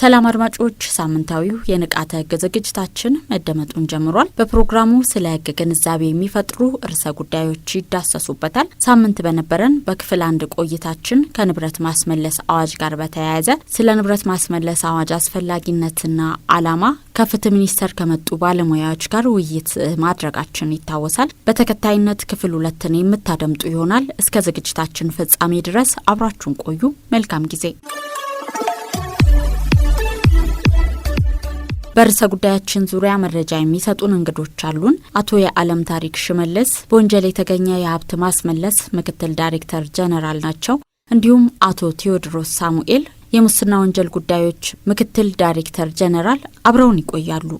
ሰላም አድማጮች፣ ሳምንታዊው የንቃተ ህግ ዝግጅታችን መደመጡን ጀምሯል። በፕሮግራሙ ስለ ህግ ግንዛቤ የሚፈጥሩ ርዕሰ ጉዳዮች ይዳሰሱበታል። ሳምንት በነበረን በክፍል አንድ ቆይታችን ከንብረት ማስመለስ አዋጅ ጋር በተያያዘ ስለ ንብረት ማስመለስ አዋጅ አስፈላጊነትና አላማ ከፍትህ ሚኒስቴር ከመጡ ባለሙያዎች ጋር ውይይት ማድረጋችን ይታወሳል። በተከታይነት ክፍል ሁለትን የምታደምጡ ይሆናል። እስከ ዝግጅታችን ፍጻሜ ድረስ አብራችሁን ቆዩ። መልካም ጊዜ በርዕሰ ጉዳያችን ዙሪያ መረጃ የሚሰጡን እንግዶች አሉን። አቶ የዓለም ታሪክ ሽመልስ በወንጀል የተገኘ የሀብት ማስመለስ ምክትል ዳይሬክተር ጀነራል ናቸው። እንዲሁም አቶ ቴዎድሮስ ሳሙኤል የሙስና ወንጀል ጉዳዮች ምክትል ዳይሬክተር ጀነራል አብረውን ይቆያሉ።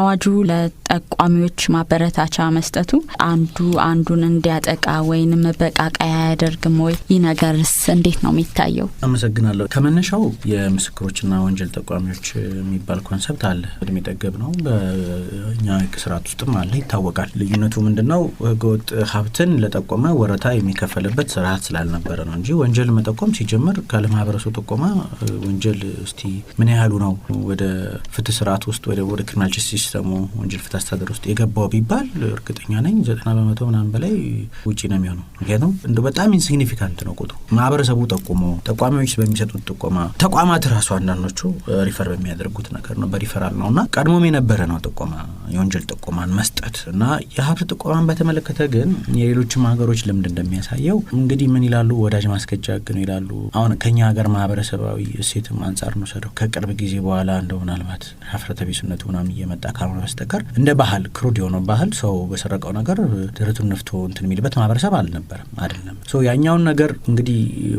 አዋጁ ለ ጠቋሚዎች ማበረታቻ መስጠቱ አንዱ አንዱን እንዲያጠቃ ወይንም በቃቃያ አያደርግም ወይ? ይህ ነገርስ እንዴት ነው የሚታየው? አመሰግናለሁ። ከመነሻው የምስክሮችና ወንጀል ጠቋሚዎች የሚባል ኮንሰፕት አለ። እድሜ ጠገብ ነው፣ በእኛ ህግ ስርዓት ውስጥም አለ፣ ይታወቃል። ልዩነቱ ምንድን ነው? ህገወጥ ሀብትን ለጠቆመ ወረታ የሚከፈልበት ስርዓት ስላልነበረ ነው እንጂ ወንጀል መጠቆም ሲጀምር ካለ ማህበረሰቡ ጠቆማ ወንጀል እስቲ ምን ያህሉ ነው ወደ ፍትህ ስርዓት ውስጥ ወደ ክሪሚናል ጀስቲስ ሲስተሙ ወንጀል ፍትህ አስተዳደር ውስጥ የገባው ቢባል እርግጠኛ ነኝ ዘጠና በመቶ ምናምን በላይ ውጭ ነው የሚሆነው። ምክንያቱም እንደ በጣም ኢንሲግኒፊካንት ነው ቁጥሩ። ማህበረሰቡ ጠቁሞ ተቋሚዎች በሚሰጡት ጥቆማ ተቋማት ራሱ አንዳንዶቹ ሪፈር በሚያደርጉት ነገር ነው፣ በሪፈራል ነው እና ቀድሞም የነበረ ነው ጥቆማ የወንጀል ጥቆማን መስጠት እና የሀብት ጥቆማን በተመለከተ ግን የሌሎችም ሀገሮች ልምድ እንደሚያሳየው እንግዲህ ምን ይላሉ ወዳጅ ማስገጃ ህግ ነው ይላሉ። አሁን ከኛ ሀገር ማህበረሰባዊ እሴትም አንጻር ነው ከቅርብ ጊዜ በኋላ እንደው ምናልባት ሀፍረተ ቢስነቱ ምናምን እየመጣ ካልሆነ በስተቀር እንደ እንደ ባህል ክሩድ የሆነው ባህል ሰው በሰረቀው ነገር ደረቱን ነፍቶ እንትን የሚልበት ማህበረሰብ አልነበረም፣ አይደለም። ያኛውን ነገር እንግዲህ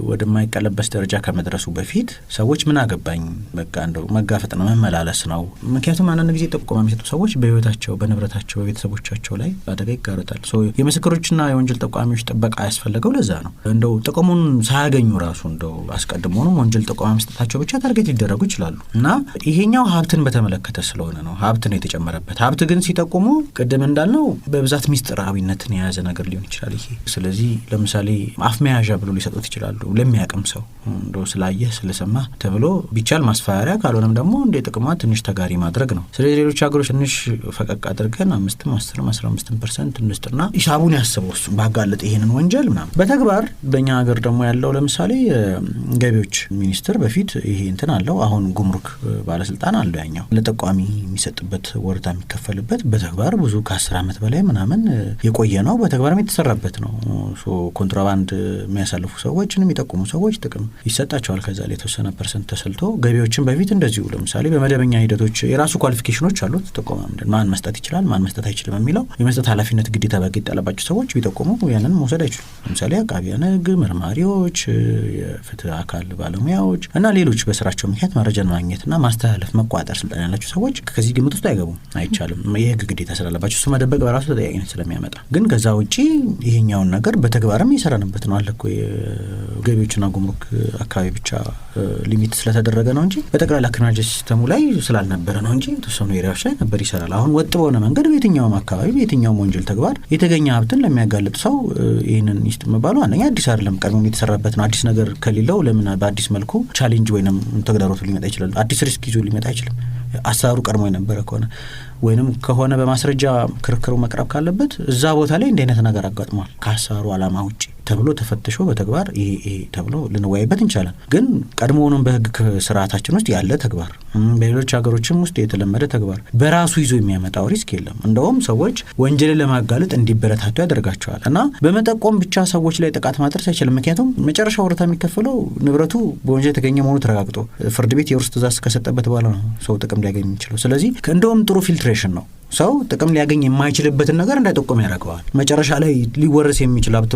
ወደማይቀለበስ ደረጃ ከመድረሱ በፊት ሰዎች ምን አገባኝ በቃ እንደው መጋፈጥ ነው መመላለስ ነው። ምክንያቱም አንዳንድ ጊዜ ጥቆማ የሚሰጡ ሰዎች በህይወታቸው፣ በንብረታቸው፣ በቤተሰቦቻቸው ላይ አደጋ ይጋረጣል። የምስክሮችና የወንጀል ጠቋሚዎች ጥበቃ ያስፈለገው ለዛ ነው። እንደው ጥቅሙን ሳያገኙ ራሱ እንደው አስቀድሞ ነው ወንጀል ጠቋሚ መስጠታቸው ብቻ ታርጌት ሊደረጉ ይችላሉ እና ይሄኛው ሀብትን በተመለከተ ስለሆነ ነው ሀብት ነው የተጨመረበት ሀብት ግን ይህንን ሲጠቁሙ ቅድም እንዳልነው በብዛት ሚስጥራዊነትን የያዘ ነገር ሊሆን ይችላል ይሄ። ስለዚህ ለምሳሌ አፍ መያዣ ብሎ ሊሰጡት ይችላሉ። ለሚያቅም ሰው እንደ ስላየህ ስለሰማ ተብሎ ቢቻል ማስፈራሪያ፣ ካልሆነም ደግሞ እንደ ጥቅሟ ትንሽ ተጋሪ ማድረግ ነው። ስለዚህ ሌሎች ሀገሮች ትንሽ ፈቀቅ አድርገን አምስትም አስርም አስራ አምስትም ፐርሰንት እንስጥና ሂሳቡን ያስበው እሱ ባጋለጥ ይሄንን ወንጀል ምናምን። በተግባር በእኛ ሀገር ደግሞ ያለው ለምሳሌ ገቢዎች ሚኒስትር በፊት ይሄ እንትን አለው። አሁን ጉምሩክ ባለስልጣን አለው ያኛው ለጠቋሚ የሚሰጥበት ወረታ የሚከፈልበት የተሰራበት በተግባር ብዙ ከአስር ዓመት በላይ ምናምን የቆየ ነው። በተግባርም የተሰራበት ነው። ኮንትራባንድ የሚያሳልፉ ሰዎችን የሚጠቁሙ ሰዎች ጥቅም ይሰጣቸዋል። ከዛ ላይ የተወሰነ ፐርሰንት ተሰልቶ ገቢዎችን በፊት እንደዚሁ ለምሳሌ በመደበኛ ሂደቶች የራሱ ኳሊፊኬሽኖች አሉት። ጥቆማ ማን መስጠት ይችላል ማን መስጠት አይችልም የሚለው የመስጠት ኃላፊነት ግዴታ በቂ ይጣለባቸው ሰዎች ቢጠቁሙ ያንን መውሰድ አይችሉም። ለምሳሌ አቃቢያነ ሕግ፣ መርማሪዎች፣ የፍትህ አካል ባለሙያዎች እና ሌሎች በስራቸው ምክንያት መረጃን ማግኘትና ማስተላለፍ መቋጠር ስልጣን ያላቸው ሰዎች ከዚህ ግምት ውስጥ አይገቡም። አይቻልም። የህግ ግዴታ ስላለባቸው እሱ መደበቅ በራሱ ተጠያቂነት ስለሚያመጣ፣ ግን ከዛ ውጪ ይሄኛውን ነገር በተግባርም የሰራንበት ነው አለ እኮ ገቢዎችና ጉምሩክ አካባቢ ብቻ ሊሚት ስለተደረገ ነው እንጂ በጠቅላላ ክሪሚናል ሲስተሙ ላይ ስላልነበረ ነው እንጂ የተወሰኑ ኤሪያዎች ላይ ነበር ይሰራል። አሁን ወጥ በሆነ መንገድ በየትኛውም አካባቢ በየትኛውም ወንጀል ተግባር የተገኘ ሀብትን ለሚያጋልጥ ሰው ይህንን ይስጥ የሚባሉ አንደኛ አዲስ አይደለም፣ ቀድሞም የተሰራበት ነው። አዲስ ነገር ከሌለው ለምን በአዲስ መልኩ ቻሌንጅ ወይም ተግዳሮቱ ሊመጣ ይችላል? አዲስ ሪስክ ይዞ ሊመጣ አይችልም። አሰራሩ ቀድሞ የነበረ ከሆነ ወይንም ከሆነ በማስረጃ ክርክሩ መቅረብ ካለበት እዛ ቦታ ላይ እንዲህ አይነት ነገር አጋጥሟል ከሀሳሩ አላማ ውጭ ተብሎ ተፈትሾ በተግባር ይሄ ተብሎ ልንወያይበት እንችላለን። ግን ቀድሞውንም በህግ ስርዓታችን ውስጥ ያለ ተግባር፣ በሌሎች ሀገሮችም ውስጥ የተለመደ ተግባር በራሱ ይዞ የሚያመጣው ሪስክ የለም። እንደውም ሰዎች ወንጀልን ለማጋለጥ እንዲበረታቱ ያደርጋቸዋል እና በመጠቆም ብቻ ሰዎች ላይ ጥቃት ማድረስ አይችልም። ምክንያቱም መጨረሻ ወረታ የሚከፈለው ንብረቱ በወንጀል የተገኘ መሆኑ ተረጋግጦ ፍርድ ቤት የውርስ ትእዛዝ ከሰጠበት በኋላ ነው ሰው ጥቅም ሊያገኝ የሚችለው። ስለዚህ እንደውም ጥሩ ፊልትሬሽን ነው ሰው ጥቅም ሊያገኝ የማይችልበትን ነገር እንዳይጠቆም ያደርገዋል። መጨረሻ ላይ ሊወረስ የሚችል ሀብት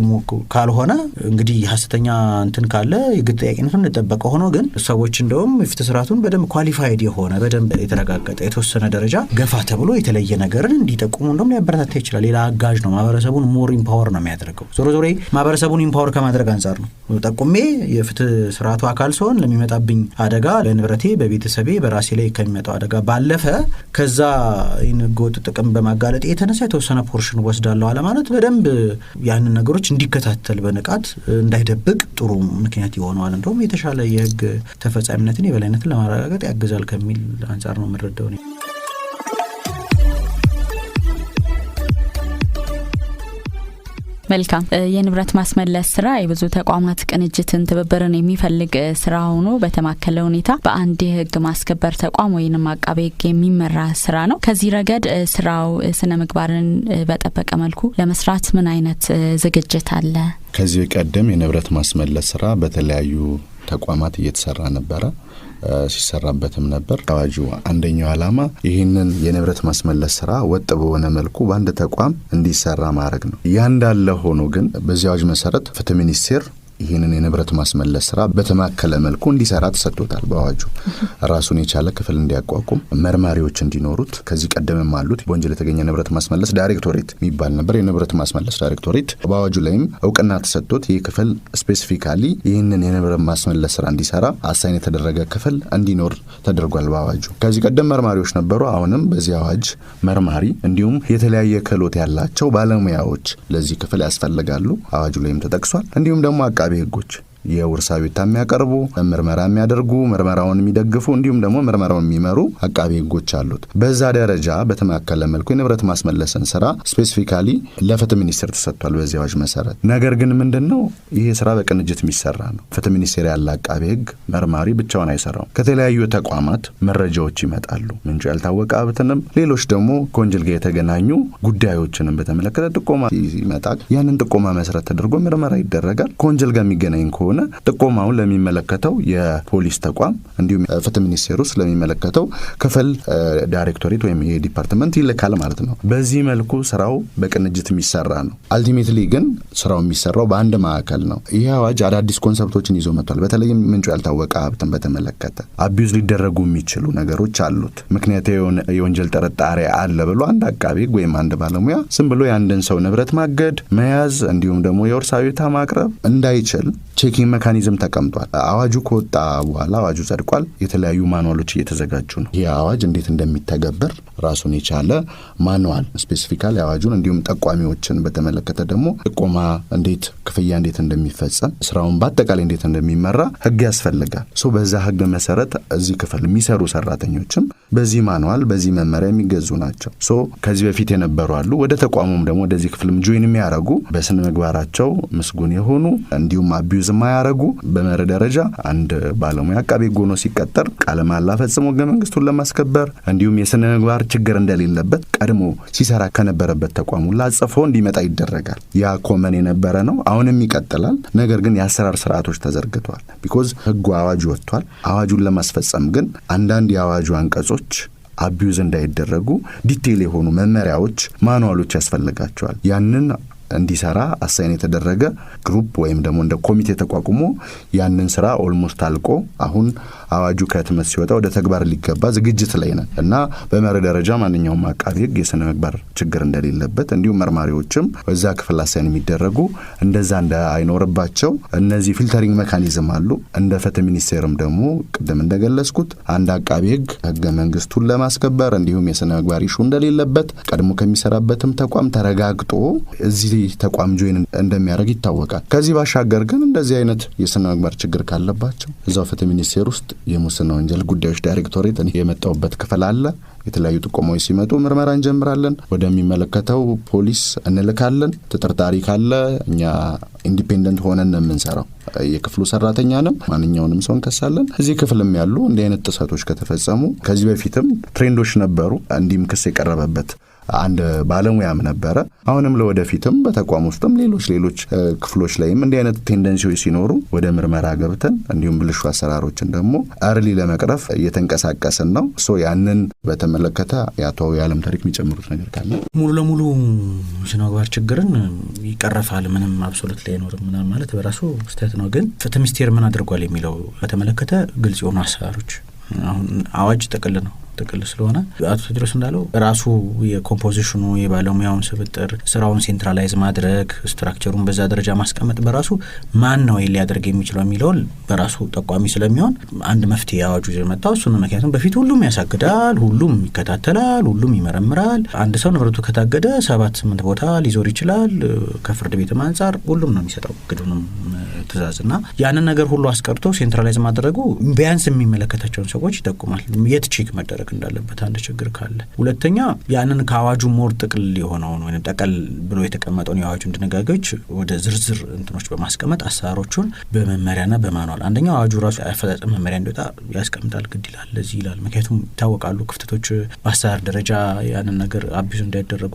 ካልሆነ እንግዲህ ሀሰተኛ እንትን ካለ የግድ ጠያቂነቱን እንደጠበቀ ሆኖ ግን ሰዎች እንደውም የፍትህ ስርዓቱን በደንብ ኳሊፋይድ የሆነ በደንብ የተረጋገጠ የተወሰነ ደረጃ ገፋ ተብሎ የተለየ ነገርን እንዲጠቁሙ እንደውም ሊያበረታታ ይችላል። ሌላ አጋዥ ነው። ማህበረሰቡን ሞር ኢምፓወር ነው የሚያደርገው። ዞሮ ዞሮ ማህበረሰቡን ኢምፓወር ከማድረግ አንጻር ነው። ጠቁሜ የፍትህ ስርዓቱ አካል ሲሆን ለሚመጣብኝ አደጋ ለንብረቴ፣ በቤተሰቤ፣ በራሴ ላይ ከሚመጣው አደጋ ባለፈ ከዛ ሕገወጥ ጥቅም በማጋለጥ የተነሳ የተወሰነ ፖርሽን ወስዳለሁ አለማለት በደንብ ያንን ነገሮች እንዲከታተል በንቃት እንዳይደብቅ ጥሩ ምክንያት ይሆነዋል። እንደውም የተሻለ የህግ ተፈጻሚነትን የበላይነትን ለማረጋገጥ ያግዛል ከሚል አንጻር ነው የምንረዳው። መልካም የንብረት ማስመለስ ስራ የብዙ ተቋማት ቅንጅትን ትብብርን የሚፈልግ ስራ ሆኖ በተማከለ ሁኔታ በአንድ የህግ ማስከበር ተቋም ወይንም አቃቤ ህግ የሚመራ ስራ ነው። ከዚህ ረገድ ስራው ስነ ምግባርን በጠበቀ መልኩ ለመስራት ምን አይነት ዝግጅት አለ? ከዚህ ቀደም የንብረት ማስመለስ ስራ በተለያዩ ተቋማት እየተሰራ ነበረ። ሲሰራበትም ነበር። አዋጁ አንደኛው ዓላማ ይህንን የንብረት ማስመለስ ስራ ወጥ በሆነ መልኩ በአንድ ተቋም እንዲሰራ ማድረግ ነው። ያ እንዳለ ሆኖ ግን በዚህ አዋጅ መሰረት ፍትህ ሚኒስቴር ይህንን የንብረት ማስመለስ ስራ በተማከለ መልኩ እንዲሰራ ተሰጥቶታል። በአዋጁ ራሱን የቻለ ክፍል እንዲያቋቁም መርማሪዎች እንዲኖሩት ከዚህ ቀደምም አሉት። በወንጀል የተገኘ ንብረት ማስመለስ ዳይሬክቶሬት የሚባል ነበር። የንብረት ማስመለስ ዳይሬክቶሬት በአዋጁ ላይም እውቅና ተሰጥቶት ይህ ክፍል ስፔሲፊካሊ ይህንን የንብረት ማስመለስ ስራ እንዲሰራ አሳይን የተደረገ ክፍል እንዲኖር ተደርጓል በአዋጁ። ከዚህ ቀደም መርማሪዎች ነበሩ። አሁንም በዚህ አዋጅ መርማሪ እንዲሁም የተለያየ ክህሎት ያላቸው ባለሙያዎች ለዚህ ክፍል ያስፈልጋሉ። አዋጁ ላይም ተጠቅሷል። እንዲሁም ደግሞ አቃ አቃቤ ህጎች የውርሳ ቤታ የሚያቀርቡ ምርመራ የሚያደርጉ ምርመራውን የሚደግፉ እንዲሁም ደግሞ ምርመራውን የሚመሩ አቃቢ ህጎች አሉት። በዛ ደረጃ በተማከለ መልኩ የንብረት ማስመለስን ስራ ስፔሲፊካሊ ለፍትህ ሚኒስቴር ተሰጥቷል በዚህ አዋጅ መሰረት። ነገር ግን ምንድን ነው ይህ ስራ በቅንጅት የሚሰራ ነው። ፍትህ ሚኒስቴር ያለ አቃቢ ህግ መርማሪ ብቻውን አይሰራውም። ከተለያዩ ተቋማት መረጃዎች ይመጣሉ። ምንጩ ያልታወቀ ሀብትንም፣ ሌሎች ደግሞ ከወንጀል ጋር የተገናኙ ጉዳዮችንም በተመለከተ ጥቆማ ይመጣል። ያንን ጥቆማ መሰረት ተደርጎ ምርመራ ይደረጋል። ከወንጀል ጋር የሚገናኝ ከሆነ ከሆነ ጥቆማውን ለሚመለከተው የፖሊስ ተቋም እንዲሁም ፍትህ ሚኒስቴር ውስጥ ለሚመለከተው ክፍል ዳይሬክቶሬት ወይም ይሄ ዲፓርትመንት ይልካል ማለት ነው። በዚህ መልኩ ስራው በቅንጅት የሚሰራ ነው። አልቲሜትሊ ግን ስራው የሚሰራው በአንድ ማዕከል ነው። ይህ አዋጅ አዳዲስ ኮንሰፕቶችን ይዞ መጥቷል። በተለይም ምንጩ ያልታወቀ ሀብትን በተመለከተ አቢዩዝ ሊደረጉ የሚችሉ ነገሮች አሉት። ምክንያት የወንጀል ጥርጣሬ አለ ብሎ አንድ አቃቢ ህግ ወይም አንድ ባለሙያ ዝም ብሎ የአንድን ሰው ንብረት ማገድ፣ መያዝ እንዲሁም ደግሞ የውርስ አቤቱታ ማቅረብ እንዳይችል ይህ መካኒዝም ተቀምጧል። አዋጁ ከወጣ በኋላ አዋጁ ጸድቋል። የተለያዩ ማንዋሎች እየተዘጋጁ ነው። ይህ አዋጅ እንዴት እንደሚተገበር ራሱን የቻለ ማኑዋል ስፔሲፊካል አዋጁን እንዲሁም ጠቋሚዎችን በተመለከተ ደግሞ ጥቆማ እንዴት ክፍያ እንዴት እንደሚፈጸም ስራውን በአጠቃላይ እንዴት እንደሚመራ ህግ ያስፈልጋል። ሶ በዛ ህግ መሰረት እዚህ ክፍል የሚሰሩ ሰራተኞችም በዚህ ማኑዋል በዚህ መመሪያ የሚገዙ ናቸው። ሶ ከዚህ በፊት የነበሩ አሉ። ወደ ተቋሙም ደግሞ ወደዚህ ክፍልም ጆይን የሚያደርጉ በስነ ምግባራቸው ምስጉን የሆኑ እንዲሁም አቢዩዝ ማያ እንደማያረጉ በመር ደረጃ አንድ ባለሙያ አቃቤ ጎኖ ሲቀጠር ቃለ መሃላ ፈጽሞ ህገ መንግስቱን ለማስከበር እንዲሁም የስነ ምግባር ችግር እንደሌለበት ቀድሞ ሲሰራ ከነበረበት ተቋሙ ላጽፎ እንዲመጣ ይደረጋል። ያ ኮመን የነበረ ነው፣ አሁንም ይቀጥላል። ነገር ግን የአሰራር ስርዓቶች ተዘርግተዋል። ቢኮዝ ህጉ አዋጅ ወጥቷል። አዋጁን ለማስፈጸም ግን አንዳንድ የአዋጁ አንቀጾች አቢዩዝ እንዳይደረጉ ዲቴይል የሆኑ መመሪያዎች፣ ማኑዋሎች ያስፈልጋቸዋል ያንን እንዲሰራ አሳይን የተደረገ ግሩፕ ወይም ደግሞ እንደ ኮሚቴ ተቋቁሞ ያንን ስራ ኦልሞስት አልቆ አሁን አዋጁ ከህትመት ሲወጣ ወደ ተግባር ሊገባ ዝግጅት ላይ ነን እና በመሪ ደረጃ ማንኛውም አቃቢ ህግ የስነ ምግባር ችግር እንደሌለበት እንዲሁም መርማሪዎችም በዛ ክፍል አሳይን የሚደረጉ እንደዛ አይኖርባቸው እነዚህ ፊልተሪንግ መካኒዝም አሉ። እንደ ፍትህ ሚኒስቴርም ደግሞ ቅድም እንደገለጽኩት አንድ አቃቢ ህግ ህገ መንግስቱን ለማስከበር እንዲሁም የስነ ምግባር ይሹ እንደሌለበት ቀድሞ ከሚሰራበትም ተቋም ተረጋግጦ እዚህ ወደዚህ ተቋም ጆይን እንደሚያደርግ ይታወቃል። ከዚህ ባሻገር ግን እንደዚህ አይነት የስነ ምግባር ችግር ካለባቸው እዛው ፍትህ ሚኒስቴር ውስጥ የሙስና ወንጀል ጉዳዮች ዳይሬክቶሬት የመጣውበት ክፍል አለ። የተለያዩ ጥቆማዎች ሲመጡ ምርመራ እንጀምራለን፣ ወደሚመለከተው ፖሊስ እንልካለን። ተጠርጣሪ ካለ እኛ ኢንዲፔንደንት ሆነን ነው የምንሰራው። የክፍሉ ሰራተኛንም ማንኛውንም ሰው እንከሳለን። እዚህ ክፍልም ያሉ እንዲህ አይነት ጥሰቶች ከተፈጸሙ ከዚህ በፊትም ትሬንዶች ነበሩ፣ እንዲህም ክስ የቀረበበት አንድ ባለሙያም ነበረ። አሁንም ለወደፊትም በተቋም ውስጥም ሌሎች ሌሎች ክፍሎች ላይም እንዲህ አይነት ቴንደንሲዎች ሲኖሩ ወደ ምርመራ ገብተን እንዲሁም ብልሹ አሰራሮችን ደግሞ አርሊ ለመቅረፍ እየተንቀሳቀስን ነው። ሶ ያንን በተመለከተ የአቶ የዓለም ታሪክ የሚጨምሩት ነገር ካለ ሙሉ ለሙሉ ስነምግባር ችግርን ይቀረፋል ምንም አብሶሉት ላይኖርም ምናምን ማለት በራሱ ስህተት ነው። ግን ፍትህ ሚኒስቴር ምን አድርጓል የሚለው በተመለከተ ግልጽ የሆኑ አሰራሮች አሁን አዋጅ ጥቅል ነው ጥቅል ስለሆነ አቶ ቴድሮስ እንዳለው ራሱ የኮምፖዚሽኑ የባለሙያውን ስብጥር ስራውን ሴንትራላይዝ ማድረግ ስትራክቸሩን በዛ ደረጃ ማስቀመጥ በራሱ ማን ነው ሊያደርግ የሚችለው የሚለውን በራሱ ጠቋሚ ስለሚሆን አንድ መፍትሄ አዋጁ የመጣው እሱ ነው። ምክንያቱም በፊት ሁሉም ያሳግዳል፣ ሁሉም ይከታተላል፣ ሁሉም ይመረምራል። አንድ ሰው ንብረቱ ከታገደ ሰባት ስምንት ቦታ ሊዞር ይችላል። ከፍርድ ቤትም አንጻር ሁሉም ነው የሚሰጠው እግዱንም ትእዛዝ እና ያንን ነገር ሁሉ አስቀርቶ ሴንትራላይዝ ማድረጉ ቢያንስ የሚመለከታቸውን ሰዎች ይጠቁማል። የት ቼክ መደረግ ማድረግ እንዳለበት አንድ ችግር ካለ፣ ሁለተኛ ያንን ከአዋጁ ሞር ጥቅል የሆነውን ወይም ጠቀል ብሎ የተቀመጠውን የአዋጁን ድንጋጌዎች ወደ ዝርዝር እንትኖች በማስቀመጥ አሰራሮቹን በመመሪያና በማኗል አንደኛው አዋጁ ራሱ አፈጻጸም መመሪያ እንዲወጣ ያስቀምጣል፣ ግድ ይላል፣ ለዚህ ይላል። ምክንያቱም ይታወቃሉ ክፍተቶች በአሰራር ደረጃ ያንን ነገር አቢዙ እንዳይደረጉ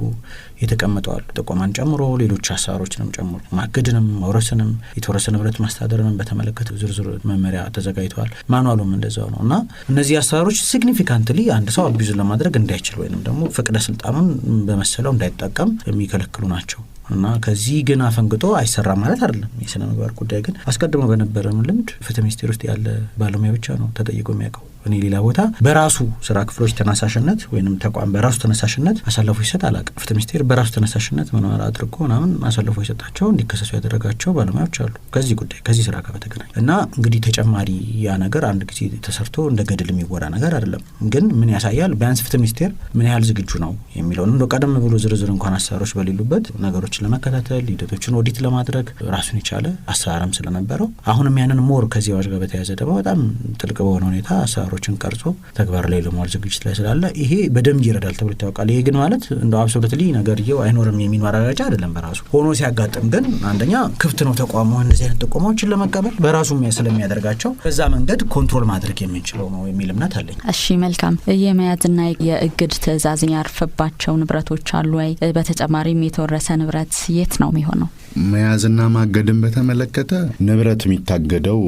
የተቀምጠዋል። ጥቆማን ጨምሮ ሌሎች አሰራሮችንም ጨምሮ ማገድንም፣ መውረስንም፣ የተወረሰ ንብረት ማስተዳደርንም በተመለከተ ዝርዝር መመሪያ ተዘጋጅተዋል። ማኗሉም እንደዛው ነው እና እነዚህ አሰራሮች ሲግኒፊካንትሊ አንድ ሰው አቢዙ ለማድረግ እንዳይችል ወይንም ደግሞ ፍቅደ ስልጣኑን በመሰለው እንዳይጠቀም የሚከለክሉ ናቸው። እና ከዚህ ግን አፈንግጦ አይሰራ ማለት አይደለም። የስነ ምግባር ጉዳይ ግን አስቀድሞ በነበረም ልምድ ፍትህ ሚኒስቴር ውስጥ ያለ ባለሙያ ብቻ ነው ተጠይቆ የሚያውቀው። እኔ ሌላ ቦታ በራሱ ስራ ክፍሎች ተነሳሽነት ወይም ተቋም በራሱ ተነሳሽነት አሳልፎ ይሰጥ አላውቅም። ፍትህ ሚኒስቴር በራሱ ተነሳሽነት መኖር አድርጎ ምናምን አሳልፎ የሰጣቸው እንዲከሰሱ ያደረጋቸው ባለሙያዎች አሉ። ከዚህ ጉዳይ ከዚህ ስራ ጋር በተገናኝ እና እንግዲህ ተጨማሪ ያ ነገር አንድ ጊዜ ተሰርቶ እንደ ገድል የሚወራ ነገር አይደለም። ግን ምን ያሳያል? ቢያንስ ፍትህ ሚኒስቴር ምን ያህል ዝግጁ ነው የሚለውን እንደ ቀደም ብሎ ዝርዝር እንኳን አሰራሮች በሌሉበት ነገሮችን ለመከታተል ሂደቶችን ኦዲት ለማድረግ ራሱን የቻለ አሰራርም ስለነበረው አሁንም ያንን ሞር ከዚህ አዋጅ ጋር በተያያዘ ደግሞ በጣም ጥልቅ በሆነ ሁኔታ መስመሮችን ቀርጾ ተግባር ላይ ለመዋል ዝግጅት ላይ ስላለ ይሄ በደንብ ይረዳል ተብሎ ይታወቃል። ይሄ ግን ማለት እንደ አብሶሉትሊ ነገርየው አይኖርም የሚል ማረጋጫ አይደለም በራሱ ሆኖ ሲያጋጥም ግን አንደኛ ክፍት ነው ተቋሙ እንደዚህ አይነት ጥቆማዎችን ለመቀበል በራሱ ስለሚያደርጋቸው በዛ መንገድ ኮንትሮል ማድረግ የምንችለው ነው የሚል እምነት አለኝ። እሺ መልካም። የመያዝና የእግድ ትእዛዝ ያርፈባቸው ንብረቶች አሉ ወይ? በተጨማሪም የተወረሰ ንብረት የት ነው የሚሆነው? መያዝና ማገድን በተመለከተ ንብረት የሚታገደው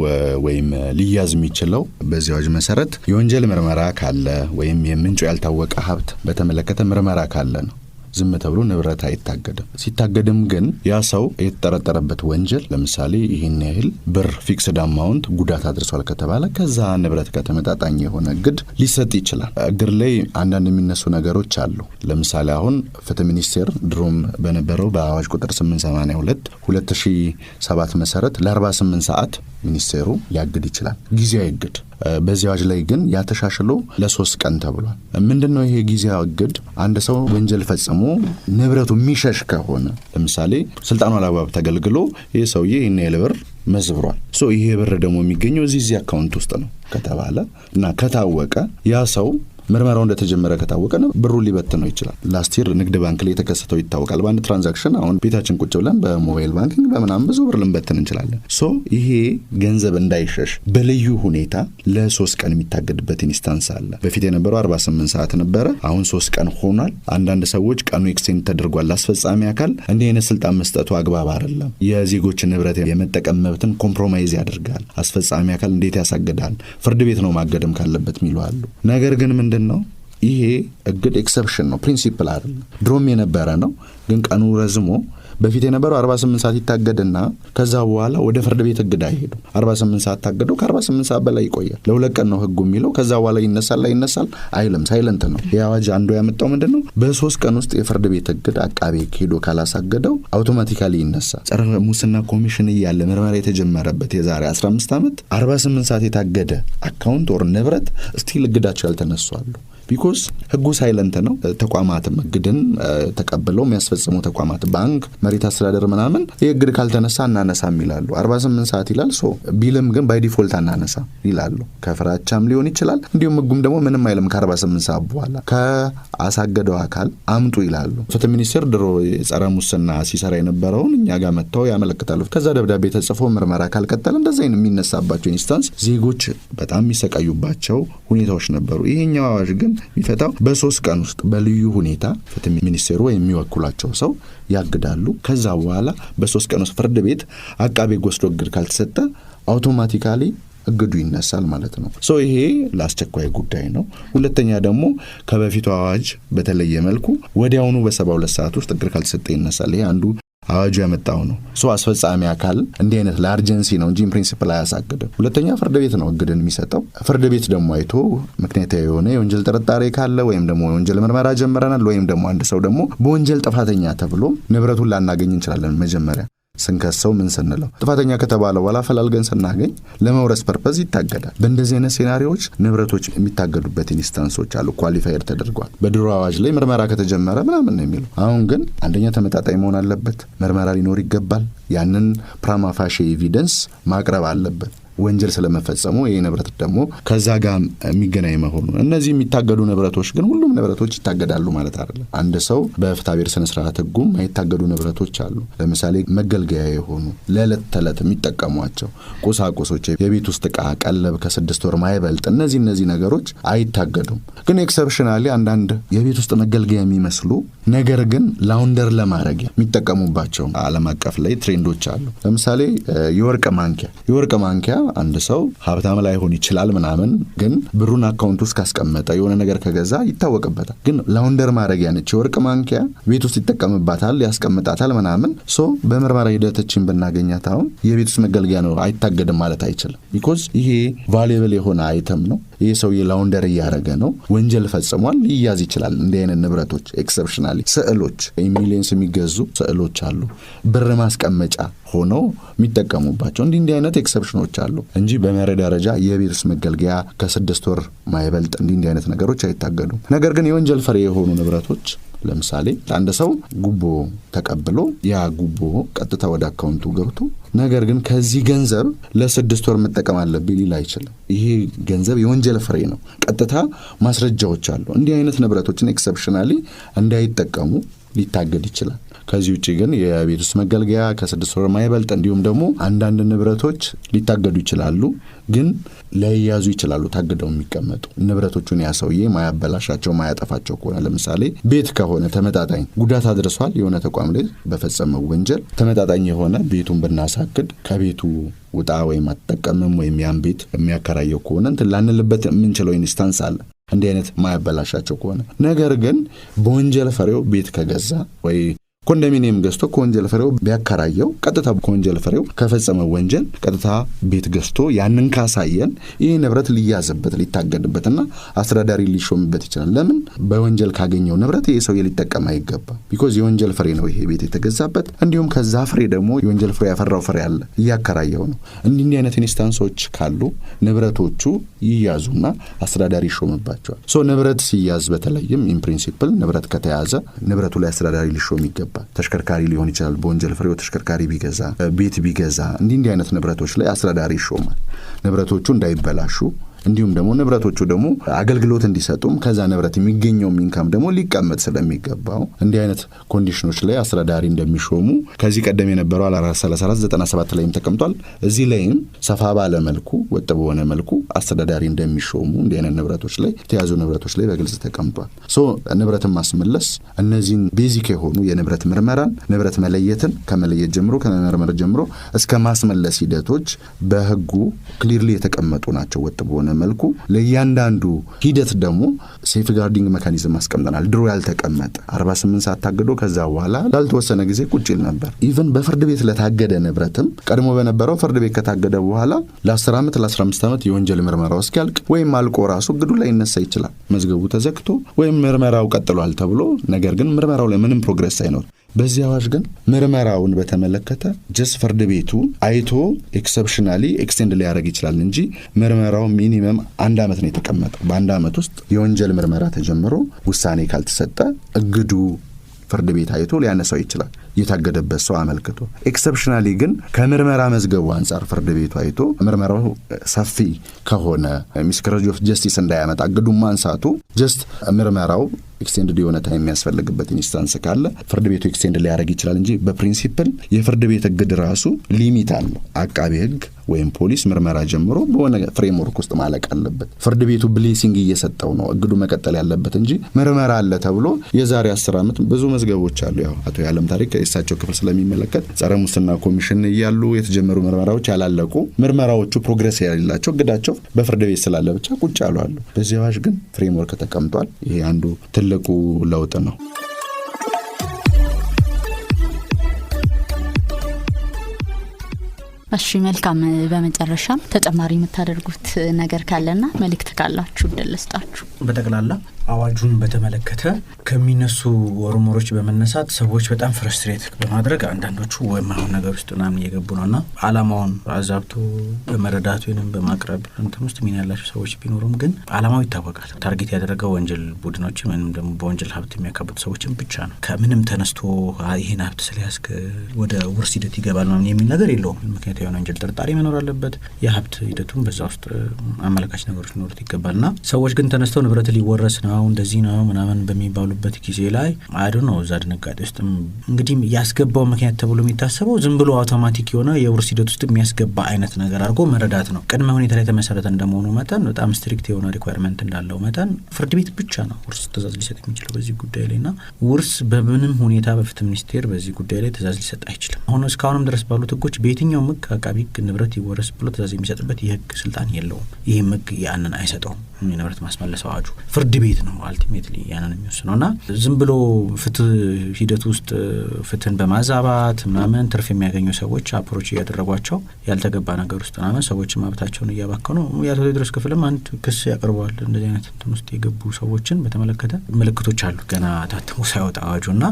ወይም ሊያዝ የሚችለው በዚህ አዋጅ መሰረት የወንጀል ምርመራ ካለ ወይም የምንጩ ያልታወቀ ሀብት በተመለከተ ምርመራ ካለ ነው። ዝም ተብሎ ንብረት አይታገድም። ሲታገድም ግን ያ ሰው የተጠረጠረበት ወንጀል ለምሳሌ ይህን ያህል ብር ፊክስድ አማውንት ጉዳት አድርሷል ከተባለ ከዛ ንብረት ጋር ተመጣጣኝ የሆነ እግድ ሊሰጥ ይችላል። እግር ላይ አንዳንድ የሚነሱ ነገሮች አሉ። ለምሳሌ አሁን ፍትህ ሚኒስቴር ድሮም በነበረው በአዋጅ ቁጥር 882 2007 መሰረት ለ48 ሰዓት ሚኒስቴሩ ሊያግድ ይችላል። ጊዜያዊ እግድ በዚህ አዋጅ ላይ ግን ያተሻሽሎ ለሶስት ቀን ተብሏል። ምንድን ነው ይሄ ጊዜ እግድ? አንድ ሰው ወንጀል ፈጽሞ ንብረቱ የሚሸሽ ከሆነ ለምሳሌ ስልጣኑ አላግባብ ተገልግሎ ይህ ሰውዬ ይህን የልብር መዝብሯል፣ ይሄ ብር ደግሞ የሚገኘው እዚህ እዚህ አካውንት ውስጥ ነው ከተባለ እና ከታወቀ ያ ሰው ምርመራው እንደተጀመረ ከታወቀ ብሩ ሊበት ነው ይችላል። ላስት ንግድ ባንክ ላይ የተከሰተው ይታወቃል። በአንድ ትራንዛክሽን አሁን ቤታችን ቁጭ ብለን በሞባይል ባንኪንግ በምናምን ብዙ ብር ልንበትን እንችላለን። ሶ ይሄ ገንዘብ እንዳይሸሽ በልዩ ሁኔታ ለሶስት ቀን የሚታገድበት ኢንስታንስ አለ። በፊት የነበረው 48 ሰዓት ነበረ። አሁን ሶስት ቀን ሆኗል። አንዳንድ ሰዎች ቀኑ ኤክስቴንድ ተደርጓል። አስፈጻሚ አካል እንዲህ አይነት ስልጣን መስጠቱ አግባብ አይደለም። የዜጎችን ንብረት የመጠቀም መብትን ኮምፕሮማይዝ ያደርጋል። አስፈጻሚ አካል እንዴት ያሳግዳል? ፍርድ ቤት ነው ማገደም ካለበት የሚሉ አሉ። ነገር ግን ምንድን ምንድን ነው ይሄ እግድ ኤክሰፕሽን ነው፣ ፕሪንሲፕል አይደለም። ድሮም የነበረ ነው፣ ግን ቀኑ ረዝሞ በፊት የነበረው 48 ሰዓት ይታገድና ከዛ በኋላ ወደ ፍርድ ቤት እግድ አይሄዱ 48 ሰዓት ታገደው ከ48 ሰዓት በላይ ይቆያል። ለሁለት ቀን ነው ህጉ የሚለው። ከዛ በኋላ ይነሳል ላይ ይነሳል አይልም፣ ሳይለንት ነው። ይህ አዋጅ አንዱ ያመጣው ምንድን ነው? በሶስት ቀን ውስጥ የፍርድ ቤት እግድ አቃቤ ሄዶ ካላሳገደው አውቶማቲካሊ ይነሳል። ጸረ ሙስና ኮሚሽን እያለ ምርመራ የተጀመረበት የዛሬ 15 ዓመት 48 ሰዓት የታገደ አካውንት ወር ንብረት ስቲል እግዳቸው ያልተነሱ አሉ። ቢኮዝ ህጉ ሳይለንት ነው። ተቋማትም እግድን ተቀብለው የሚያስፈጽሙ ተቋማት ባንክ፣ መሬት አስተዳደር ምናምን የእግድ ካልተነሳ እናነሳም ይላሉ። 48 ሰዓት ይላል። ሶ ቢልም ግን ባይ ዲፎልት አናነሳ ይላሉ። ከፍራቻም ሊሆን ይችላል። እንዲሁም ህጉም ደግሞ ምንም አይልም ከ48 ሰዓት በኋላ ከአሳገደው አካል አምጡ ይላሉ። ፍትህ ሚኒስቴር ድሮ የጸረ ሙስና ሲሰራ የነበረውን እኛ ጋር መጥተው ያመለክታሉ። ከዛ ደብዳቤ ተጽፎ ምርመራ ካልቀጠለ እንደዚ የሚነሳባቸው ኢንስታንስ ዜጎች በጣም የሚሰቃዩባቸው ሁኔታዎች ነበሩ። ይሄኛው አዋጅ ግን ችግርን የሚፈታው በሶስት ቀን ውስጥ በልዩ ሁኔታ ፍትህ ሚኒስቴሩ ወይም የሚወክሏቸው ሰው ያግዳሉ። ከዛ በኋላ በሶስት ቀን ውስጥ ፍርድ ቤት አቃቤ ጎስዶ እግድ ካልተሰጠ አውቶማቲካሊ እግዱ ይነሳል ማለት ነው። ሶ ይሄ ለአስቸኳይ ጉዳይ ነው። ሁለተኛ ደግሞ ከበፊቱ አዋጅ በተለየ መልኩ ወዲያውኑ በሰባ ሁለት ሰዓት ውስጥ እግድ ካልተሰጠ ይነሳል። ይሄ አንዱ አዋጁ ያመጣው ነው። እሱ አስፈጻሚ አካል እንዲህ አይነት ለአርጀንሲ ነው እንጂ ፕሪንሲፕል አያሳግድም። ሁለተኛ ፍርድ ቤት ነው እግድን የሚሰጠው። ፍርድ ቤት ደግሞ አይቶ ምክንያታዊ የሆነ የወንጀል ጥርጣሬ ካለ ወይም ደግሞ የወንጀል ምርመራ ጀምረናል ወይም ደግሞ አንድ ሰው ደግሞ በወንጀል ጥፋተኛ ተብሎ ንብረቱን ላናገኝ እንችላለን መጀመሪያ ስንከሰው ምን ስንለው ጥፋተኛ ከተባለ በኋላ ፈላልገን ስናገኝ ለመውረስ ፐርፐዝ ይታገዳል። በእንደዚህ አይነት ሴናሪዎች ንብረቶች የሚታገዱበት ኢንስታንሶች አሉ። ኳሊፋየር ተደርጓል። በድሮ አዋጅ ላይ ምርመራ ከተጀመረ ምናምን ነው የሚለው። አሁን ግን አንደኛ ተመጣጣኝ መሆን አለበት፣ ምርመራ ሊኖር ይገባል። ያንን ፕራማፋሽ ኤቪደንስ ማቅረብ አለበት። ወንጀል ስለመፈጸሙ ይህ ንብረት ደግሞ ከዛ ጋር የሚገናኝ መሆኑ እነዚህ የሚታገዱ ንብረቶች ግን ሁሉም ንብረቶች ይታገዳሉ ማለት አይደለም። አንድ ሰው በፍታቤር ስነስርዓት ህጉም የታገዱ ንብረቶች አሉ። ለምሳሌ መገልገያ የሆኑ ለዕለት ተዕለት የሚጠቀሟቸው ቁሳቁሶች፣ የቤት ውስጥ እቃ ቀለብ ከስድስት ወር ማይበልጥ እነዚህ እነዚህ ነገሮች አይታገዱም። ግን ኤክሰፕሽናሊ አንዳንድ የቤት ውስጥ መገልገያ የሚመስሉ ነገር ግን ላውንደር ለማድረግ የሚጠቀሙባቸው አለም አቀፍ ላይ ትሬንዶች አሉ። ለምሳሌ የወርቅ ማንኪያ የወርቅ ማንኪያ አንድ ሰው ሀብታም ላይሆን ይችላል ምናምን፣ ግን ብሩን አካውንት ውስጥ ካስቀመጠ የሆነ ነገር ከገዛ ይታወቅበታል። ግን ላውንደር ማድረጊያ ነች የወርቅ ማንኪያ ቤት ውስጥ ይጠቀምባታል፣ ያስቀምጣታል ምናምን። ሶ በምርመራ ሂደቶችን ብናገኛት አሁን የቤት ውስጥ መገልገያ ነው አይታገድም ማለት አይችልም። ቢኮዝ ይሄ ቫልየብል የሆነ አይተም ነው። ይህ ሰውዬ ላውንደር እያደረገ ነው፣ ወንጀል ፈጽሟል፣ ሊያዝ ይችላል። እንዲህ አይነት ንብረቶች ኤክሰፕሽና ስዕሎች፣ ሚሊየንስ የሚገዙ ስዕሎች አሉ ብር ማስቀመጫ ሆኖ የሚጠቀሙባቸው እንዲህ እንዲህ አይነት ኤክሰፕሽኖች አሉ እንጂ በመርህ ደረጃ የቤት መገልገያ ከስድስት ወር ማይበልጥ እንዲህ እንዲህ አይነት ነገሮች አይታገዱም። ነገር ግን የወንጀል ፍሬ የሆኑ ንብረቶች ለምሳሌ አንድ ሰው ጉቦ ተቀብሎ ያ ጉቦ ቀጥታ ወደ አካውንቱ ገብቶ ነገር ግን ከዚህ ገንዘብ ለስድስት ወር መጠቀም አለብኝ ሊል አይችልም። ይሄ ገንዘብ የወንጀል ፍሬ ነው። ቀጥታ ማስረጃዎች አሉ። እንዲህ አይነት ንብረቶችን ኤክሰፕሽናሊ እንዳይጠቀሙ ሊታገድ ይችላል። ከዚህ ውጭ ግን የቤት ውስጥ መገልገያ ከስድስት ወር ማይበልጥ እንዲሁም ደግሞ አንዳንድ ንብረቶች ሊታገዱ ይችላሉ፣ ግን ለያዙ ይችላሉ። ታግደው የሚቀመጡ ንብረቶቹን ያሰውዬ ማያበላሻቸው ማያጠፋቸው ከሆነ ለምሳሌ ቤት ከሆነ ተመጣጣኝ ጉዳት አድርሷል የሆነ ተቋም ላይ በፈጸመው ወንጀል ተመጣጣኝ የሆነ ቤቱን ብናሳክድ ከቤቱ ውጣ ወይም አትጠቀምም ወይም ያን ቤት የሚያከራየው ከሆነ እንትን ላንልበት የምንችለው ኢንስታንስ አለ። እንዲህ አይነት ማያበላሻቸው ከሆነ ነገር ግን በወንጀል ፈሬው ቤት ከገዛ ወይ ኮንዶሚኒየም ገዝቶ ከወንጀል ፍሬው ቢያከራየው ቀጥታ ከወንጀል ፍሬው ከፈጸመ ወንጀል ቀጥታ ቤት ገዝቶ ያንን ካሳየን ይህ ንብረት ሊያዝበት ሊታገድበትና አስተዳዳሪ ሊሾምበት ይችላል። ለምን በወንጀል ካገኘው ንብረት ይህ ሰውዬ ሊጠቀም አይገባ። ቢኮዝ የወንጀል ፍሬ ነው ይሄ ቤት የተገዛበት። እንዲሁም ከዛ ፍሬ ደግሞ የወንጀል ፍሬ ያፈራው ፍሬ አለ እያከራየው ነው። እንዲህ እንዲህ አይነት ኢንስታንሶች ካሉ ንብረቶቹ ይያዙና አስተዳዳሪ ይሾምባቸዋል። ሶ ንብረት ሲያዝ በተለይም ኢንፕሪንሲፕል ንብረት ከተያዘ ንብረቱ ላይ አስተዳዳሪ ሊሾም ይገባል። ይገባል። ተሽከርካሪ ሊሆን ይችላል። በወንጀል ፍሬው ተሽከርካሪ ቢገዛ፣ ቤት ቢገዛ፣ እንዲህ እንዲህ አይነት ንብረቶች ላይ አስተዳዳሪ ይሾማል። ንብረቶቹ እንዳይበላሹ እንዲሁም ደግሞ ንብረቶቹ ደግሞ አገልግሎት እንዲሰጡም ከዛ ንብረት የሚገኘው ሚንካም ደግሞ ሊቀመጥ ስለሚገባው እንዲህ አይነት ኮንዲሽኖች ላይ አስተዳዳሪ እንደሚሾሙ ከዚህ ቀደም የነበረው አል 43497 ላይም ተቀምጧል። እዚህ ላይም ሰፋ ባለ መልኩ ወጥ በሆነ መልኩ አስተዳዳሪ እንደሚሾሙ እንዲህ አይነት ንብረቶች ላይ የተያዙ ንብረቶች ላይ በግልጽ ተቀምጧል። ሶ ንብረትን ማስመለስ እነዚህን ቤዚክ የሆኑ የንብረት ምርመራን፣ ንብረት መለየትን ከመለየት ጀምሮ ከመመርመር ጀምሮ እስከ ማስመለስ ሂደቶች በህጉ ክሊርሊ የተቀመጡ ናቸው ወጥ በሆነ መልኩ ለእያንዳንዱ ሂደት ደግሞ ሴፍ ጋርዲንግ መካኒዝም አስቀምጠናል። ድሮ ያልተቀመጠ 48 ሰዓት ታግዶ ከዛ በኋላ ላልተወሰነ ጊዜ ቁጭ ይል ነበር። ኢቨን በፍርድ ቤት ለታገደ ንብረትም ቀድሞ በነበረው ፍርድ ቤት ከታገደ በኋላ ለ10 ዓመት ለ15 ዓመት የወንጀል ምርመራው እስኪያልቅ ወይም አልቆ ራሱ እግዱ ላይ ይነሳ ይችላል። መዝገቡ ተዘግቶ ወይም ምርመራው ቀጥሏል ተብሎ ነገር ግን ምርመራው ላይ ምንም ፕሮግረስ ሳይኖር በዚህ አዋጅ ግን ምርመራውን በተመለከተ ጀስ ፍርድ ቤቱ አይቶ ኤክሰፕሽናሊ ኤክስቴንድ ሊያደርግ ይችላል እንጂ ምርመራው ሚኒመም አንድ ዓመት ነው የተቀመጠው። በአንድ ዓመት ውስጥ የወንጀል ምርመራ ተጀምሮ ውሳኔ ካልተሰጠ እግዱ ፍርድ ቤት አይቶ ሊያነሳው ይችላል። የታገደበት ሰው አመልክቶ ኤክሰፕሽናሊ ግን ከምርመራ መዝገቡ አንጻር ፍርድ ቤቱ አይቶ ምርመራው ሰፊ ከሆነ ሚስከረጅ ኦፍ ጀስቲስ እንዳያመጣ ግዱ ማንሳቱ ጀስት ምርመራው ኤክስቴንድድ የሆነ ታይም የሚያስፈልግበት ኢንስታንስ ካለ ፍርድ ቤቱ ኤክስቴንድ ሊያደርግ ይችላል እንጂ በፕሪንሲፕል የፍርድ ቤት እግድ ራሱ ሊሚት አለ። አቃቤ ህግ ወይም ፖሊስ ምርመራ ጀምሮ በሆነ ፍሬምወርክ ውስጥ ማለቅ አለበት። ፍርድ ቤቱ ብሌሲንግ እየሰጠው ነው እግዱ መቀጠል ያለበት እንጂ ምርመራ አለ ተብሎ የዛሬ አስር ዓመት ብዙ መዝገቦች አሉ። ያው አቶ የዓለም ታሪክ የእሳቸው ክፍል ስለሚመለከት ጸረ ሙስና ኮሚሽን እያሉ የተጀመሩ ምርመራዎች ያላለቁ ምርመራዎቹ ፕሮግረስ የሌላቸው እግዳቸው በፍርድ ቤት ስላለ ብቻ ቁጭ ያሉ አሉ። በዚህ አዋጅ ግን ፍሬምወርክ ተቀምጧል። ይሄ አንዱ ትልቁ ለውጥ ነው። እሺ መልካም። በመጨረሻም ተጨማሪ የምታደርጉት ነገር ካለና መልእክት ካላችሁ እድል ልስጣችሁ። በጠቅላላ አዋጁን በተመለከተ ከሚነሱ ወርሞሮች በመነሳት ሰዎች በጣም ፍረስትሬት በማድረግ አንዳንዶቹ ወማሁን ነገር ውስጥ ምናምን እየገቡ ነው እና አላማውን አዛብቶ በመረዳት ወይም በማቅረብ እንትን ውስጥ ሚና ያላቸው ሰዎች ቢኖሩም ግን አላማው ይታወቃል። ታርጌት ያደረገው ወንጀል ቡድኖችን ወይም ደግሞ በወንጀል ሀብት የሚያካብጡ ሰዎችን ብቻ ነው። ከምንም ተነስቶ ይህን ሀብት ስለያዝክ ወደ ውርስ ሂደት ይገባል ምናምን የሚል ነገር የለውም። ምክንያቱ የሆነ ወንጀል ጥርጣሬ መኖር አለበት። የሀብት ሂደቱም በዛ ውስጥ አመላካች ነገሮች ሊኖሩት ይገባል እና ሰዎች ግን ተነስተው ንብረት ሊወረስ ነው ነው እንደዚህ ነው ምናምን በሚባሉበት ጊዜ ላይ አይዶ ነው እዛ ድንጋጤ ውስጥ እንግዲህ ያስገባው ምክንያት ተብሎ የሚታሰበው ዝም ብሎ አውቶማቲክ የሆነ የውርስ ሂደት ውስጥ የሚያስገባ አይነት ነገር አድርጎ መረዳት ነው። ቅድመ ሁኔታ ላይ የተመሰረተ እንደመሆኑ መጠን በጣም ስትሪክት የሆነ ሪኳርመንት እንዳለው መጠን ፍርድ ቤት ብቻ ነው ውርስ ትእዛዝ ሊሰጥ የሚችለው በዚህ ጉዳይ ላይ ና ውርስ በምንም ሁኔታ በፍትህ ሚኒስቴር በዚህ ጉዳይ ላይ ትእዛዝ ሊሰጥ አይችልም። አሁን እስካሁንም ድረስ ባሉት ህጎች በየትኛውም ህግ አቃቢ ህግ ንብረት ይወረስ ብሎ ትእዛዝ የሚሰጥበት የህግ ስልጣን የለውም። ይህም ህግ ያንን አይሰጠውም። የንብረት ማስመለስ አዋጁ ፍርድ ቤት ነው አልቲሜትሊ ያንን የሚወስነው እና ዝም ብሎ ፍትህ ሂደት ውስጥ ፍትህን በማዛባት ምናምን ትርፍ የሚያገኙ ሰዎች አፕሮች እያደረጓቸው ያልተገባ ነገር ውስጥ ምናምን ሰዎች ማብታቸውን እያባከኑ የአቶ ቴድሮስ ክፍልም አንድ ክስ ያቀርበዋል። እንደዚህ አይነት እንትን ውስጥ የገቡ ሰዎችን በተመለከተ ምልክቶች አሉ ገና ታትሞ ሳይወጣ አዋጁ እና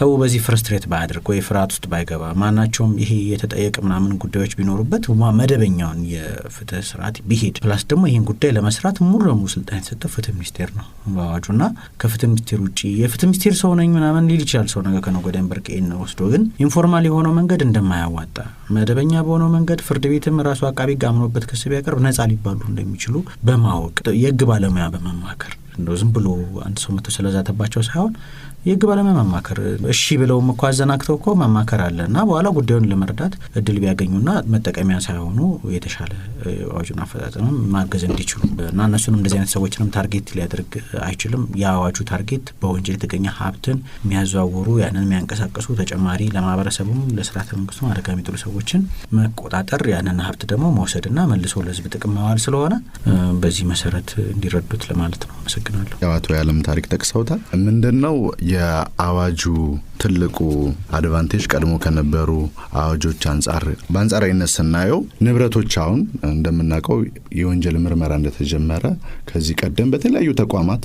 ሰው በዚህ ፍርስትሬት ባያደርግ ወይ ፍርሃት ውስጥ ባይገባ ማናቸውም ይሄ የተጠየቅ ምናምን ጉዳዮች ቢኖሩበት መደበኛውን የፍትህ ስርዓት ቢሄድ ፕላስ ደግሞ ይህን ጉዳይ ለመስራት ሙሉ ለሙሉ ስልጣን የተሰጠው ፍትህ ሚኒስቴር ነው በአዋጁና ከፍትህ ሚኒስቴር ውጭ የፍትህ ሚኒስቴር ሰው ነኝ ምናምን ሊል ይችላል ሰው ነገ ከነገ ወዲያ በርቅኤን ወስዶ ግን ኢንፎርማል የሆነው መንገድ እንደማያዋጣ መደበኛ በሆነው መንገድ ፍርድ ቤትም ራሱ አቃቢ ጋምኖበት ክስ ቢያቀርብ ነጻ ሊባሉ እንደሚችሉ በማወቅ የህግ ባለሙያ በመማከር እንደው ዝም ብሎ አንድ ሰው መቶ ስለዛተባቸው ሳይሆን የህግ ባለሙያ መማከር እሺ ብለውም እኮ አዘናግተው እኮ መማከር አለ እና በኋላ ጉዳዩን ለመረዳት እድል ቢያገኙና መጠቀሚያ ሳይሆኑ የተሻለ አዋጁን አፈጻጸምም ማገዝ እንዲችሉ እና እነሱንም እንደዚህ አይነት ሰዎችንም ታርጌት ሊያደርግ አይችልም። የአዋጁ ታርጌት በወንጀል የተገኘ ሀብትን የሚያዘዋውሩ ያንን የሚያንቀሳቀሱ ተጨማሪ ለማህበረሰቡም ለስርዓተ መንግስቱ አደጋ የሚጥሉ ሰዎችን መቆጣጠር ያንን ሀብት ደግሞ መውሰድና መልሶ ለህዝብ ጥቅም መዋል ስለሆነ በዚህ መሰረት እንዲረዱት ለማለት ነው። አመሰግናለሁ። አቶ የአለም ታሪክ ጠቅሰውታል። ምንድን ነው የአዋጁ ትልቁ አድቫንቴጅ ቀድሞ ከነበሩ አዋጆች አንጻር በአንጻራዊነት ስናየው ንብረቶች አሁን እንደምናውቀው የወንጀል ምርመራ እንደተጀመረ ከዚህ ቀደም በተለያዩ ተቋማት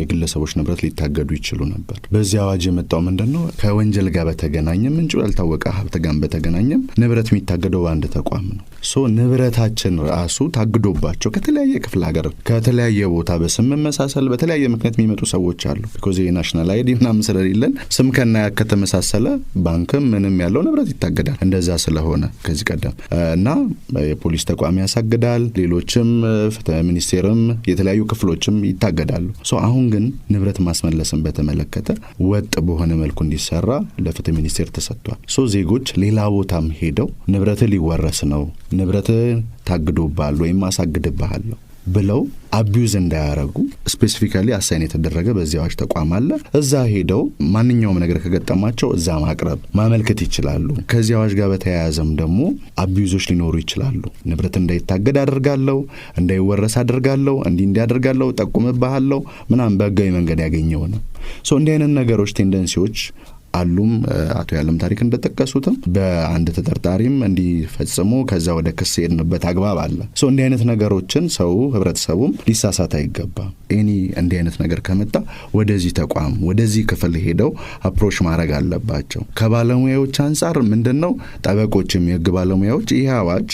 የግለሰቦች ንብረት ሊታገዱ ይችሉ ነበር። በዚህ አዋጅ የመጣው ምንድን ነው? ከወንጀል ጋር በተገናኘም ምንጭ ያልታወቀ ሀብት ጋር በተገናኘም ንብረት የሚታገደው በአንድ ተቋም ነው። ሶ ንብረታችን ራሱ ታግዶባቸው ከተለያየ ክፍለ ሀገር ከተለያየ ቦታ በስም መመሳሰል በተለያየ ምክንያት የሚመጡ ሰዎች አሉ። ቢኮዝ የናሽናል አይዲ ምናምን ስለሌለን ስም ከናያ ከተመሳሰለ ባንክም ምንም ያለው ንብረት ይታገዳል። እንደዛ ስለሆነ ከዚህ ቀደም እና የፖሊስ ተቋም ያሳግዳል፣ ሌሎችም ፍትህ ሚኒስቴርም የተለያዩ ክፍሎችም ይታገዳሉ። አሁን ግን ንብረት ማስመለስን በተመለከተ ወጥ በሆነ መልኩ እንዲሰራ ለፍትህ ሚኒስቴር ተሰጥቷል። ሶ ዜጎች ሌላ ቦታም ሄደው ንብረትህ ሊወረስ ነው፣ ንብረትህ ታግዶብሃል ወይም አሳግድብሃለሁ ብለው አቢዩዝ እንዳያረጉ ስፔሲፊካሊ አሳይን የተደረገ በዚህ አዋጅ ተቋም አለ። እዛ ሄደው ማንኛውም ነገር ከገጠማቸው እዛ ማቅረብ ማመልከት ይችላሉ። ከዚህ አዋጅ ጋር በተያያዘም ደግሞ አቢዩዞች ሊኖሩ ይችላሉ። ንብረት እንዳይታገድ አደርጋለሁ፣ እንዳይወረስ አደርጋለሁ፣ እንዲህ እንዲያደርጋለሁ፣ ጠቁምባሃለሁ ምናምን በህጋዊ መንገድ ያገኘው ነው። እንዲህ አይነት ነገሮች ቴንደንሲዎች አሉም አቶ ያለም ታሪክ እንደጠቀሱትም በአንድ ተጠርጣሪም እንዲፈጽሙ ከዛ ወደ ክስ የሄድንበት አግባብ አለ። እንዲህ አይነት ነገሮችን ሰው ህብረተሰቡም ሊሳሳት አይገባም። ኤኒ እንዲህ አይነት ነገር ከመጣ ወደዚህ ተቋም ወደዚህ ክፍል ሄደው አፕሮች ማድረግ አለባቸው። ከባለሙያዎች አንጻር ምንድን ነው ጠበቆችም የህግ ባለሙያዎች ይህ አዋጅ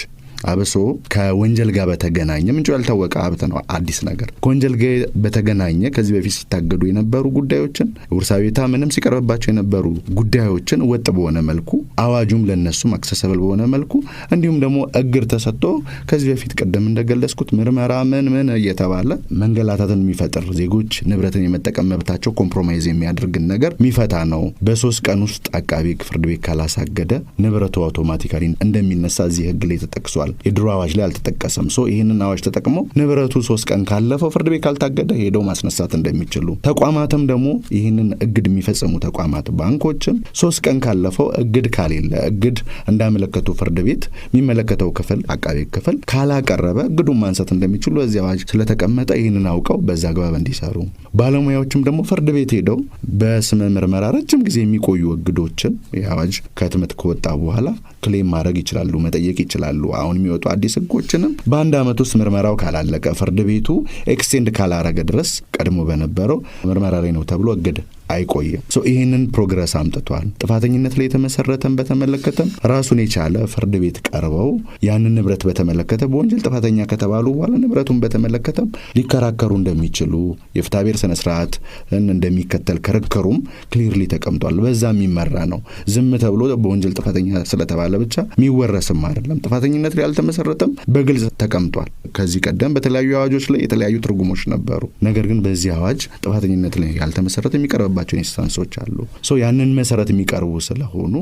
አብሶ ከወንጀል ጋር በተገናኘ ምንጩ ያልታወቀ ሀብት ነው፣ አዲስ ነገር ከወንጀል ጋር በተገናኘ ከዚህ በፊት ሲታገዱ የነበሩ ጉዳዮችን ውርሳ ቤታ ምንም ሲቀርብባቸው የነበሩ ጉዳዮችን ወጥ በሆነ መልኩ አዋጁም ለነሱ አክሰሰብል በሆነ መልኩ እንዲሁም ደግሞ እግር ተሰጥቶ ከዚህ በፊት ቅድም እንደገለጽኩት ምርመራ ምን ምን እየተባለ መንገላታትን የሚፈጥር ዜጎች ንብረትን የመጠቀም መብታቸው ኮምፕሮማይዝ የሚያደርግን ነገር የሚፈታ ነው። በሶስት ቀን ውስጥ አቃቢ ፍርድ ቤት ካላሳገደ ንብረቱ አውቶማቲካሊ እንደሚነሳ እዚህ ህግ ላይ ተጠቅሷል። ተጠቅሷል። የድሮ አዋጅ ላይ አልተጠቀሰም። ሶ ይህንን አዋጅ ተጠቅመው ንብረቱ ሶስት ቀን ካለፈው ፍርድ ቤት ካልታገደ ሄደው ማስነሳት እንደሚችሉ ተቋማትም ደግሞ ይህንን እግድ የሚፈጽሙ ተቋማት ባንኮችም ሶስት ቀን ካለፈው እግድ ካሌለ እግድ እንዳመለከቱ ፍርድ ቤት የሚመለከተው ክፍል አቃቤ ክፍል ካላቀረበ እግዱን ማንሳት እንደሚችሉ በዚህ አዋጅ ስለተቀመጠ ይህንን አውቀው በዛ አግባብ እንዲሰሩ ባለሙያዎችም ደግሞ ፍርድ ቤት ሄደው በስመ ምርመራ ረጅም ጊዜ የሚቆዩ እግዶችን የአዋጅ ከህትመት ከወጣ በኋላ ክሌም ማድረግ ይችላሉ፣ መጠየቅ ይችላሉ። አሁን የሚወጡ አዲስ ህጎችንም በአንድ አመት ውስጥ ምርመራው ካላለቀ ፍርድ ቤቱ ኤክስቴንድ ካላረገ ድረስ ቀድሞ በነበረው ምርመራ ላይ ነው ተብሎ እግድ አይቆይም። ይህንን ፕሮግረስ አምጥቷል። ጥፋተኝነት ላይ የተመሰረተን በተመለከተም ራሱን የቻለ ፍርድ ቤት ቀርበው ያንን ንብረት በተመለከተ በወንጀል ጥፋተኛ ከተባሉ በኋላ ንብረቱን በተመለከተም ሊከራከሩ እንደሚችሉ የፍትሐብሔር ስነስርዓት እንደሚከተል ክርክሩም ክሊርሊ ተቀምጧል። በዛ የሚመራ ነው። ዝም ተብሎ በወንጀል ጥፋተኛ ስለተባለ ብቻ የሚወረስም አይደለም። ጥፋተኝነት ላይ አልተመሰረተም፣ በግልጽ ተቀምጧል። ከዚህ ቀደም በተለያዩ አዋጆች ላይ የተለያዩ ትርጉሞች ነበሩ። ነገር ግን በዚህ አዋጅ ጥፋተኝነት ላይ ያልተመሰረተ የሚቀርብበት የምንደርስባቸው ኢንስታንሶች አሉ። ሶ ያንን መሰረት የሚቀርቡ ስለሆኑ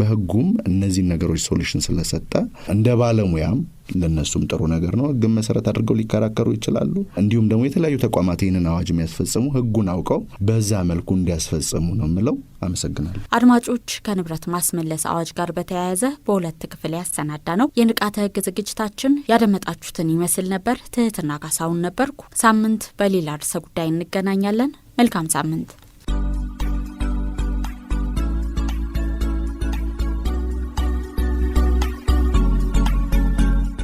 በህጉም እነዚህን ነገሮች ሶሉሽን ስለሰጠ እንደ ባለሙያም ለነሱም ጥሩ ነገር ነው። ህግን መሰረት አድርገው ሊከራከሩ ይችላሉ። እንዲሁም ደግሞ የተለያዩ ተቋማት ይህንን አዋጅ የሚያስፈጽሙ ህጉን አውቀው በዛ መልኩ እንዲያስፈጽሙ ነው የምለው። አመሰግናለሁ። አድማጮች፣ ከንብረት ማስመለስ አዋጅ ጋር በተያያዘ በሁለት ክፍል ያሰናዳ ነው የንቃተ ህግ ዝግጅታችን ያደመጣችሁትን ይመስል ነበር። ትህትና ካሳሁን ነበርኩ። ሳምንት በሌላ ርዕሰ ጉዳይ እንገናኛለን። መልካም ሳምንት።